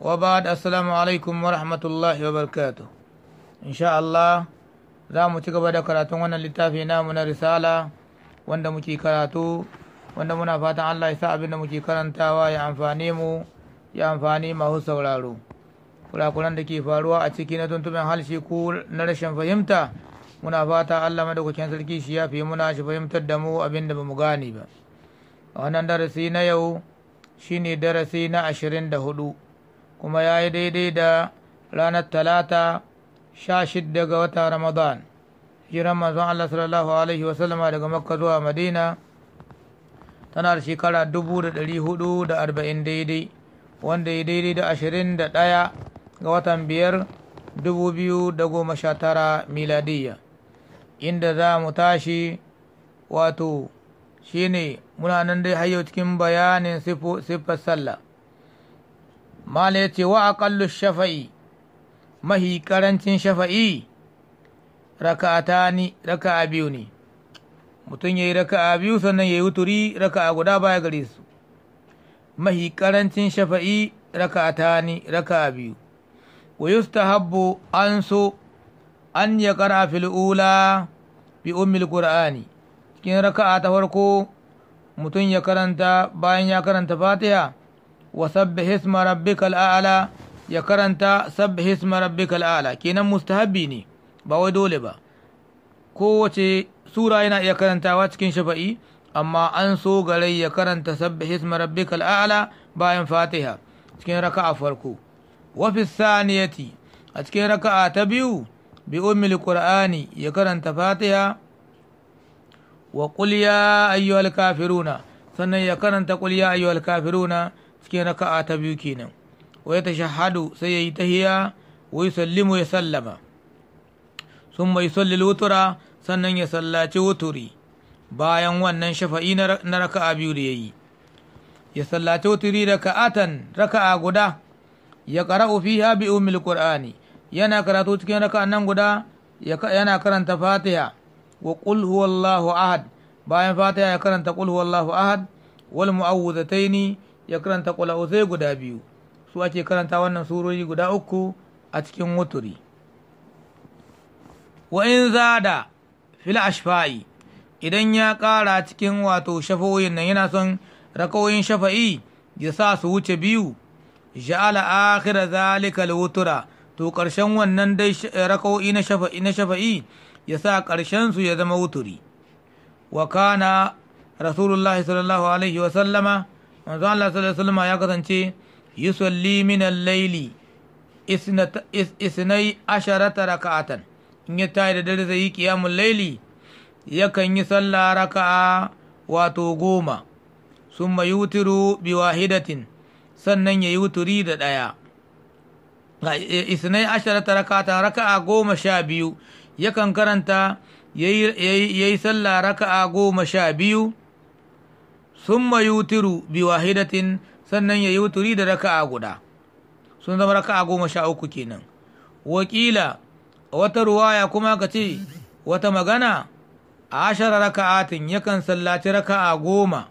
wa ba da assalamu alaikum wa rahmatullahi wa barkato. insha za mu ci gaba da karatun wannan littafi namu na risala wanda muke karatu wanda muna fatan Allah ya sa abin da muke karantawa ya amfane mu ya amfani masu sauraro kurakuran da ke faruwa a ciki na hal halshe ko na rashin fahimta muna fata Allah madaukakin sarki shi ya fi muna shi fahimtar da mu abin da bamu gane ba wannan darasi na yau shine darasi na ashirin da hudu kuma ya yi daidai da ranar talata sha shidda ga wata ramadan hijiran manzon Allah sallallahu alaihi wasallama daga makka zuwa madina tana da shekara dubu da ɗari hudu da arba'in daidai wanda ya daidai da ashirin da ɗaya ga watan biyar dubu biyu da goma sha tara miladiyya inda za mu tashi wato shine muna nan dai hayo cikin bayanin siffar sallah mala ya ce wa aƙallu shafa'i mahi ƙarancin shafa'i ta ni raka'a biyu ne mutum ya yi raka'a biyu sannan ya yi wuturi raka'a guda baya gare su mahi ƙarancin shafa'i ta ni raka'a biyu wa habbo an so an ya ƙara fil'ula bi umil qur'ani cikin raka'a ta farko mutum ya karanta bayan ya karanta fatiha wa sabbih isma rabbikal a'la ya karanta sabbih isma rabbikal a'la kenan mustahabbi ne ba wai dole ba kowace sura yana ya karantawa cikin shafa'i amma an so garai ya karanta sabbih isma rabbikal a'la bayan fatiha cikin raka'a farko wa fi saniyati a cikin raka'a ta biyu bi ummil ya karanta fatiha wa qul ya kafiruna sannan ya karanta qul ya kafiruna cikin raka'a ta biyu kenan wa ya tashahhadu sai yayi tahiyya wa yusallimu ya sallama summa yusalli wutura sannan ya sallaci wuturi bayan wannan shafa'i na raka'a biyu da yayi ya sallaci wuturi raka'atan raka'a guda ya qara'u fiha bi ummil qur'ani yana karatu cikin raka'an nan guda yana karanta fatiha wa qul huwallahu ahad bayan fatiha ya karanta qul huwallahu ahad wal mu'awwidhataini ya karanta kula kula'uzai guda biyu su ake karanta wannan surori guda uku a cikin wuturi wa in zada fil ashfa'i idan ya ƙara cikin wato shafoyin nan yana son rakawoyin shafa'i ya sa su wuce biyu ja'ala akhira zalika wutura to ƙarshen wannan dai eh, rakawoyi na shafa'i na shafa'i ya sa ƙarshen su ya zama wuturi wa kana rasulullahi sallallahu alaihi wa manzo Allah sallallahu alaihi ya kasance yusalli min al-laili isnai asharata raka'atan in ya tayi da dare zai yi qiyamul laili yakan yi sallah raka'a wato goma summa yutiru bi wahidatin sannan ya yi da ɗaya eh, isnai asharata raka'atan raka'a goma sha biyu yakan karanta ya yi sallah raka'a goma sha biyu sun yutiru bi wahidatin sannan ya yuturi da raka'a guda sun zama raka'a goma sha uku kenan wakila wata ruwaya kuma ka ce wata magana a ashara raka'atin yakan sallaci raka'a goma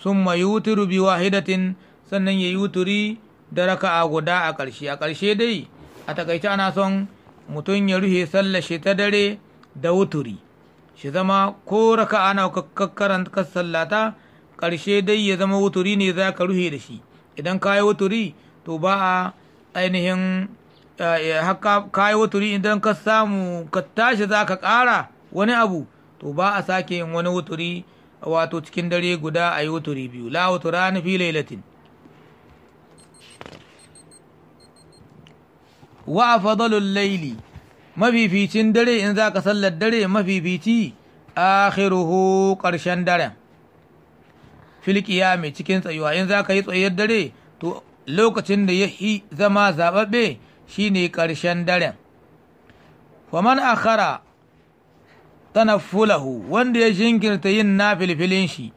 summa yutiru bi wahidatin sannan ya yuturi da raka'a guda a ƙarshe a ƙarshe dai a takaice ana son mutum ya rufe sallashe ta dare da wuturi shi zama ko raka'a na kakkaran sallata ƙarshe dai ya zama wuturi ne za ka ruhe da shi idan ka yi wuturi to ba a ainihin eh, eh, ka yi wuturi idan ka samu ka tashi za ka ƙara wani abu to ba a sake yin wani wuturi wato cikin dare guda a yi wuturi biyu la wutura na fi lailatin wa a fadalun laili mafificin dare in za ka sallar dare mafifici akhiruhu ƙarshen daren filkiya mai cikin tsayuwa in za ka yi tsayayyar dare to lokacin da ya yi zama zaɓaɓɓe ne ƙarshen daren faman akhara fulahu wanda ya jinkirta yin nafilfilin shi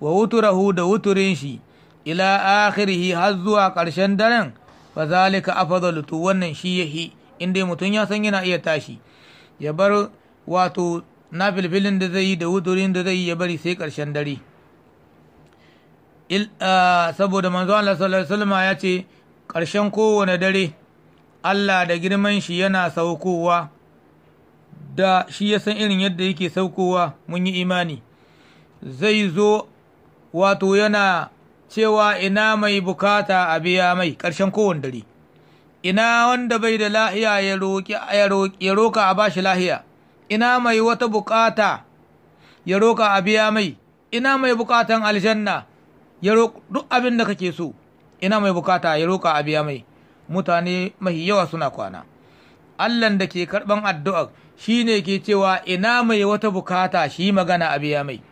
wa wuturahu da wuturin shi ila akhirihi har zuwa ƙarshen daren fa zalika afdalu to wannan shi yahi inda mutum ya san yana iya tashi ya bar wato nafilfilin da zai yi da wuturin da zai yi ya bari sai ƙarshen dare saboda manzo Allah sallallahu alaihi ya ce ƙarshen kowane dare Allah da girman shi yana saukowa da shi ya san irin yadda yake saukowa mun yi imani zai zo wato yana cewa ina mai bukata a biya mai ƙarshen kowane dare ina wanda bai da lahiya ya roka a bashi lahiya ina mai wata bukata ya roka a biya mai ina mai bukatan aljanna ya duk abin da kake so ina mai bukata ya roƙa a biya mai mutane mahi yawa suna kwana Allahn da ke karɓan addu'a shi ne ke cewa ina mai wata bukata shi magana a biya mai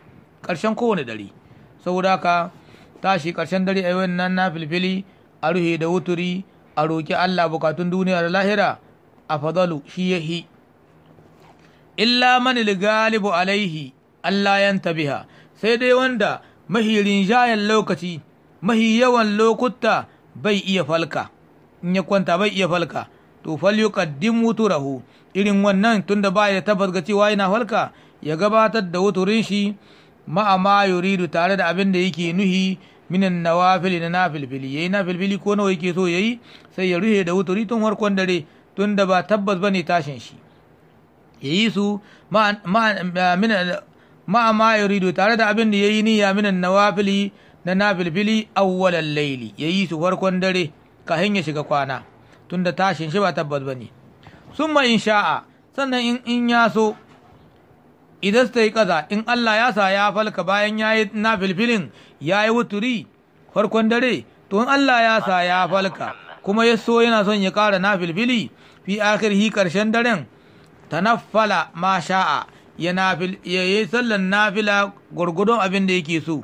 ƙarshen kowane dare saboda haka tashi ƙarshen dare a yawan nan na filfili a ruhe da wuturi a roƙi Allah bukatun duniya da lahira a fadalu shi ya hi illa mani galibu alaihi Allah yan tabiha sai dai wanda mahi rinjayen lokaci mahi yawan lokuta bai iya falka in ya kwanta bai iya falka to falyuqaddim wuturahu irin wannan tunda ba ya tabbas ga cewa yana falka ya gabatar da wuturin shi ma'a ma yuridu tare da abin da yake nuhi minan nawafil na nafilfili yayi nafilfili ko nawa yake so yayi sai ya ruhe da wuturi tun harkon dare tun da ba tabbas bane tashin shi yayi su maama ya rido tare da abin da ya yi niyya minan wafili na nafilfili laili ya yi su farkon dare kafin ya shiga kwana tunda tashin shi ba tabbas ba ne. bane in insha'a sannan in ya so idan ta yi kaza in Allah ya sa ya falka bayan ya yi na ya yi wuturi farkon dare to in Allah ya sa ya falka kuma ya so yana son ya kara nafilfili filfili fi akhirhi karshen daren tanaffala ma sha'a ya yi sallan nafila gwargwadon abin da yake so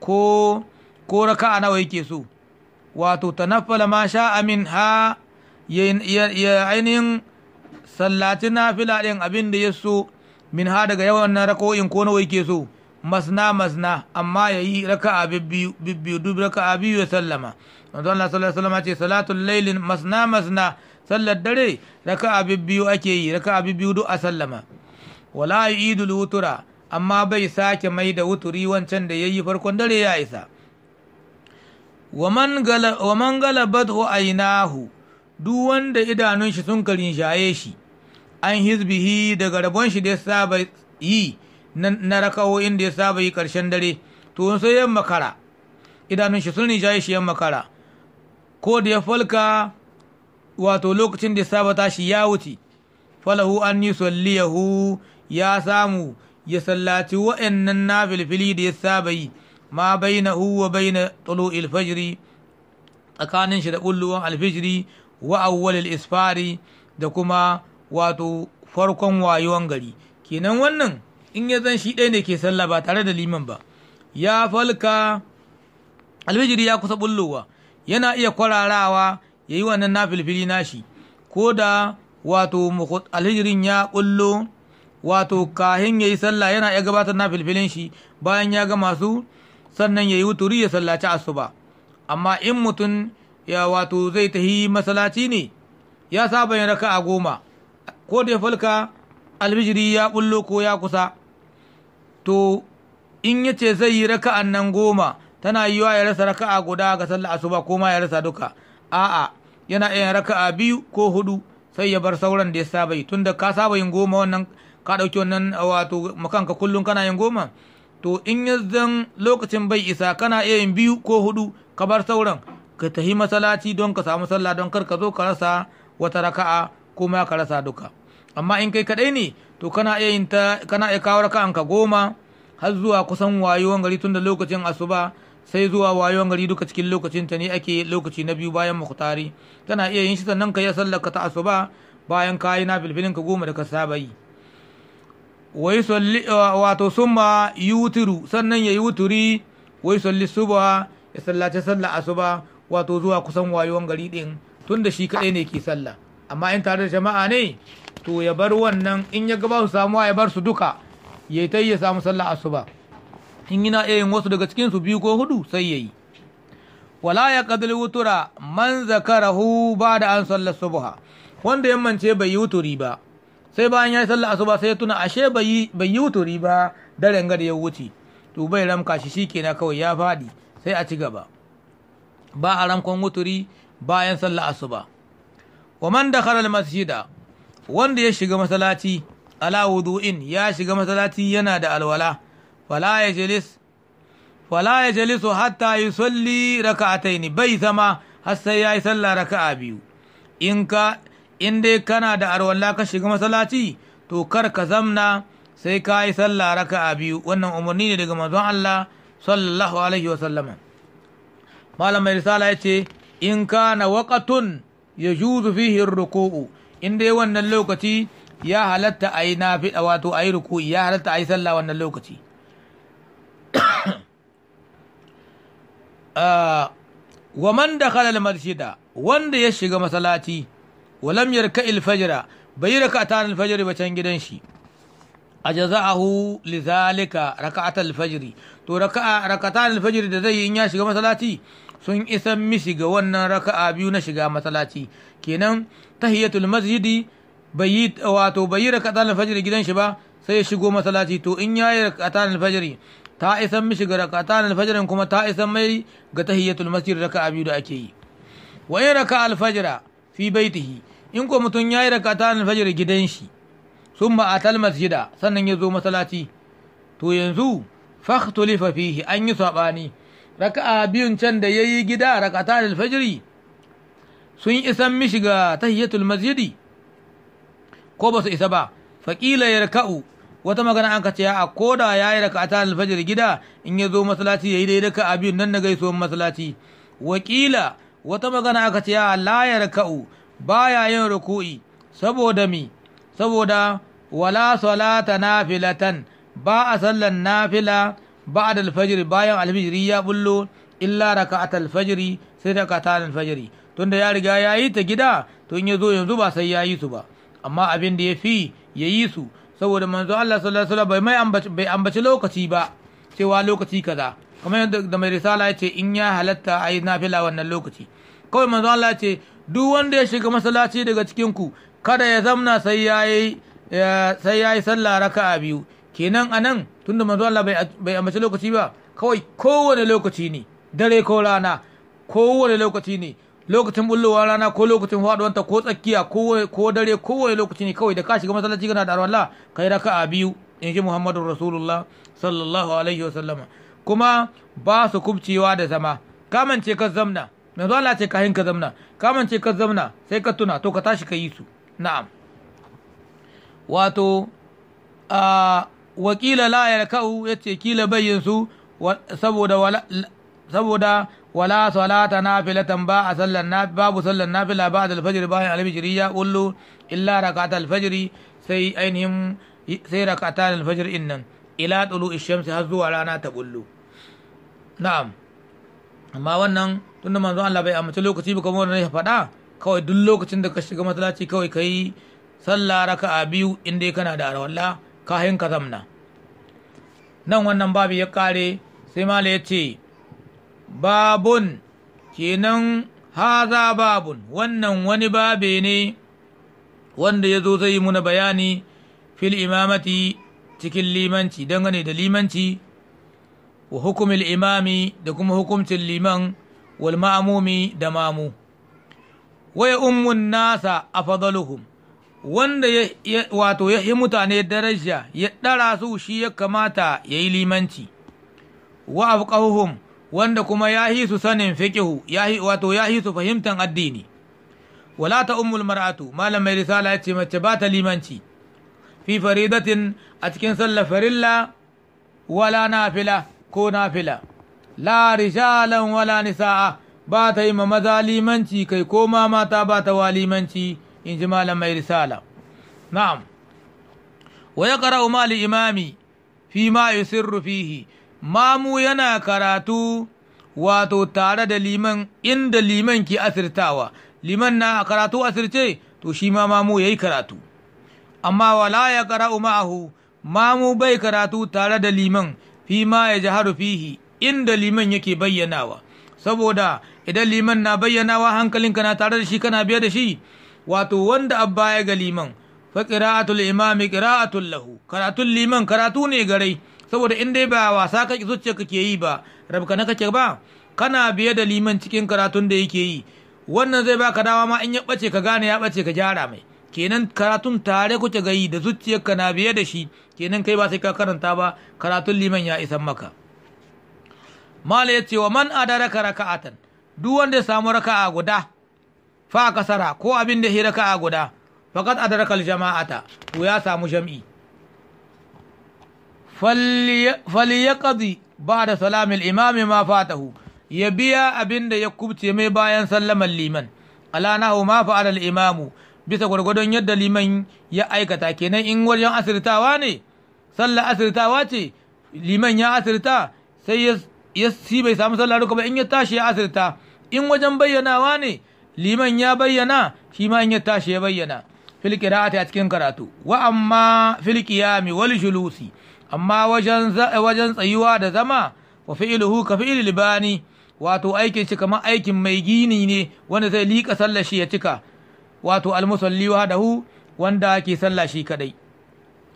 ko ko a nawa yake so wato tanaffala ma sha amin ha ya ainihin sallaci nafila ɗin abin da ya so min ha daga yawan na rako'in ko nawa yake so masna masna amma ya yi a bibbiyu duk a biyu ya sallama manzo Allah sallallahu alaihi ce salatul lailin masna masna sallar dare a bibbiyu ake yi a bibbiyu duk a sallama wala idul wutura amma bai sake mai da wuturi wancan da ya yi farkon dare ya isa wa man galabat ainahu duk wanda idanun shi sun karin shaye shi an hizbihi daga rabon shi da ya saba yi na rakawo inda ya saba yi karshen dare to sai makara idanun shi sun rinjaye shi yamma makara ko da ya falka wato lokacin da ya saba tashi ya wuce falahu an yi salliyahu ya samu ya sallaci waɗannan nafilfili da ya saba yi ma bai na huwa na tsalo fajri tsakanin shi da ƙulluwan alfijiri wa awwalil isfari da kuma wato farkon wayewan gari kenan wannan in ya zan shi ɗaya ne ke sallah ba tare da liman ba ya falka alfijiri ya kusa bullowa yana iya kwararawa ya yi wannan na filfili nashi ko da wato alfijirin ya ƙullo wato kahin ya yi sallah yana ya gabatar na filfilin shi bayan ya gama su sannan ya yi wuturi ya sallaci asuba amma in mutum ya wato zai tahi masalaci ne ya saba yin raka goma ko da ya falka Albijiri, ya bullo ko ya kusa to in ya ce zai yi raka'an nan goma tana yiwa ya rasa raka'a guda ga sallar asuba ko ma ya rasa duka a'a yana iya raka'a biyu ko hudu sai ya bar sauran da ya saba yi tunda ka saba yin goma wannan ka ɗauki wannan wato makanka kullum kana yin goma to in ya zan lokacin bai isa kana iya yin biyu ko hudu ka bar sauran ka tahi masalaci don ka samu sallah don kar ka zo ka rasa wata raka'a ko ma ka rasa duka amma in kai kadai ne to kana iya yin ta kana iya kawo raka'an ka goma har zuwa kusan wayewan gari tun da lokacin asuba sai zuwa wayewan gari duka cikin lokacin ta ne ake lokaci na biyu bayan muktari tana iya yin shi sannan ka yi sallar ka ta asuba bayan ka yi na filfilin ka goma da ka saba yi wai salli eh, wato summa wuturu sannan ya yi wuturi wai salli suba ya sallace sallah asuba wato zuwa kusan wayewan gari din da shi kadai ne ke sallah amma in tare da jama'a ne to ya bar wannan in ya gaba su samuwa ya bar su duka ya ta ya samu sallah asuba in yana iya yin wasu daga cikin su biyu ko hudu sai ya yi. wala ya qadil wutura man zakarahu ba da an sallar subha wanda ya mance bai yi wuturi ba sai bayan ya yi sallah asuba sai ya tuna ashe bai yi wuturi ba daren gada ya wuce to bai ramka shi shi kenan kawai ya faɗi sai a ci gaba ba a ramkon wuturi bayan sallah asuba wa man dakhala al masjida wanda ya shiga masallaci ala wudu'in ya shiga masalaci yana da alwala fala yajlis fala yajlisu hatta yusalli raka'ataini bai zama har sai ya yi sallah raka'a biyu in ka in dai kana da arwalla ka shiga masalaci, to kar ka zamna sai ka yi sallah raka a biyu wannan umarni ne daga manzon Allah sallallahu alaihi wa sallama malam mai risala ya ce in kana waqatun yajuzu fihi ruku'u in dai wannan lokaci ya halatta a yi nafiɗa wato a yi ruku'i ya halatta a yi sallah wannan lokaci ah, wa man dakhala al-masjida wanda ya shiga masalaci. walam yarka ilfajira bai raka ta alfajiri ba can gidan shi a jaza'ahu lizalika raka'at alfajiri to raka'a rakatan alfajiri da zai yi in ya shiga masallaci sun isa mishi ga wannan raka'a biyu na shiga masallaci kenan tahiyatul masjidi bai wato bai rakatan alfajiri gidan shi ba sai shigo masallaci to in yayi rakatan alfajiri ta isan mishi ga rakatan alfajirin kuma ta isan mai ga tahiyatul masjid raka'a biyu da ake yi wa in raka alfajira fi baitihi in ko mutum ya yi rakata na fajar gidan shi sun talmas masjida sannan ya zo masallaci to yanzu fahtulifa fihi an yi saɓani raka'a biyun can da ya yi gida rakata da fajiri sun isan mishi ga tahiyatul masjidi ko ba su isa ba faƙila ya raka'u wata magana an kace a koda ya yi rakata da fajiri gida in ya zo masallaci ya yi dai raka'a biyun nan na gaisuwan masallaci wakila wata magana aka ce ya la ya raka'u baya yin ruku'i saboda mi saboda wala salata nafilatan ba a sallan nafila ba'ad alfajr bayan alfijiri ya bullo illa raka'at alfajri sai raka'at alfajri tunda ya riga ya yi ta gida to in ya zo yanzu ba sai ya yi su ba amma abin da ya fi ya yi su saboda manzo Allah sallallahu alaihi wasallam bai ambaci lokaci ba cewa lokaci kaza kamar yadda da mai risala ya ce in ya halatta yi nafila wannan lokaci kawai manzo Allah ya ce duk wanda ya shiga masallaci daga cikin ku kada ya zamna sai yayi sai yayi sallah raka'a biyu kenan anan tunda manzo Allah bai ambaci lokaci ba kawai kowane lokaci ne dare ko rana kowane lokaci ne lokacin bullowa rana ko lokacin faduwanta ko tsakiya ko dare kowane lokaci ne kawai da ka shiga masallaci kana da Allah kai raka'a biyu in shi Muhammadu Rasulullah sallallahu alaihi wasallama kuma ba su kubcewa da zama kamance ka zamna manzo Allah ce kahin ka zamna ka mance ka zamna sai ka tuna to ka tashi ka yi su na'am wato a wakila la yarka'u yace kila bayyin su saboda wala saboda wala salata nafilatan ba a sallan nafi babu sallan nafila ba da alfajiri bayan alfajiri ya kullu illa rakata alfajiri sai ainihin sai rakata alfajiri in nan ila tulu ishamsi har zuwa rana ta kullu na'am amma wannan tunda manzon Allah bai amince lokaci ba kamar ya faɗa kawai duk lokacin da ka shiga masallaci kawai ka yi sallah raka'a biyu in dai kana da arawalla kahin ka zamna nan wannan babu ya kare sai mala ya ce babun kenan haza babun wannan wani babe ne wanda ya zo zai yi muna bayani fil imamati cikin limanci dangane da limanci wa hukumil imami da kuma hukuncin liman wal da mamu waya ummun nasa afdaluhum wanda ya wato ya yi mutane daraja ya ɗara su shi ya kamata ya yi limanci wa wanda kuma ya yi su sanin fiƙihu wato ya yi su fahimtan addini wala ta ummul mar'atu malam mai risala ya ce mace ba ta limanci fi faridatin a cikin sallar farilla wala nafila ko nafila la rijalan wala nisa'a ba ta yi ma maza limanci kai ko ma mata ba ta wa limanci in ji malam mai risala na'am wa ya qara'u imami fi ma yusirru fihi mamu yana karatu wato tare da liman inda liman ke asirtawa liman na karatu asirce to shi ma mamu yayi karatu amma wala ya qara'u ma'ahu mamu bai karatu tare da liman fi ma ya jaharu fihi inda liman yake bayyanawa saboda idan liman na bayyanawa hankalinka na tare da shi kana biye da shi wato wanda abba ya ga liman fa qira'atul imami qira'atul lahu karatun liman karatu ne garai saboda in dai ba wasa ka zuciya kake yi ba rabka na kake ba kana biye da liman cikin karatun da yake yi wannan zai baka dawa ma in ya bace ka gane ya bace ka gyara mai kenan karatun tare kuke gayi da zuciyarka na biye da shi kenan kai ba sai ka karanta ba karatun liman ya isan maka mala ya ce wa man adaraka raka'atan duk wanda ya samu raka'a guda fa kasara ko abin da ya raka'a guda faqad adaraka jama'ata to ya samu jam'i falyaqdi ba'da salamil imam ma fatahu ya biya abin da ya kubce mai bayan sallamar liman ala nahu ma fa'ala al imam bisa gwargwadon yadda liman ya aikata kenan in wajen asirtawa ne sallar asirtawa ce liman ya asirta sai ya si bai samu sallah duka ba in ya tashi ya asirta in wajen bayyanawa ne liman ya bayyana shi ma in ya tashi ya bayyana fil qira'ati a cikin karatu wa amma fil qiyami wal julusi amma wajen wajen tsayuwa da zama wa fi'luhu ka fi'l libani wato aikin shi kamar aikin mai gini ne wanda zai liƙa sallar shi ya cika wato almusalli dahu wanda ke sallah shi kadai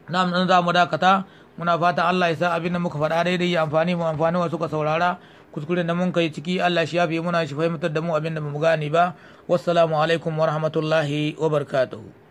nam nan za dakata muna fata Allah ya sa abin da muka faɗa daidai ya amfani mu amfani wa suka saurara kuskure da mun kai ciki Allah shi yafe muna shi fahimtar da mu abin da mu gani ba wassalamu alaikum wa rahmatullahi wa barakatuhu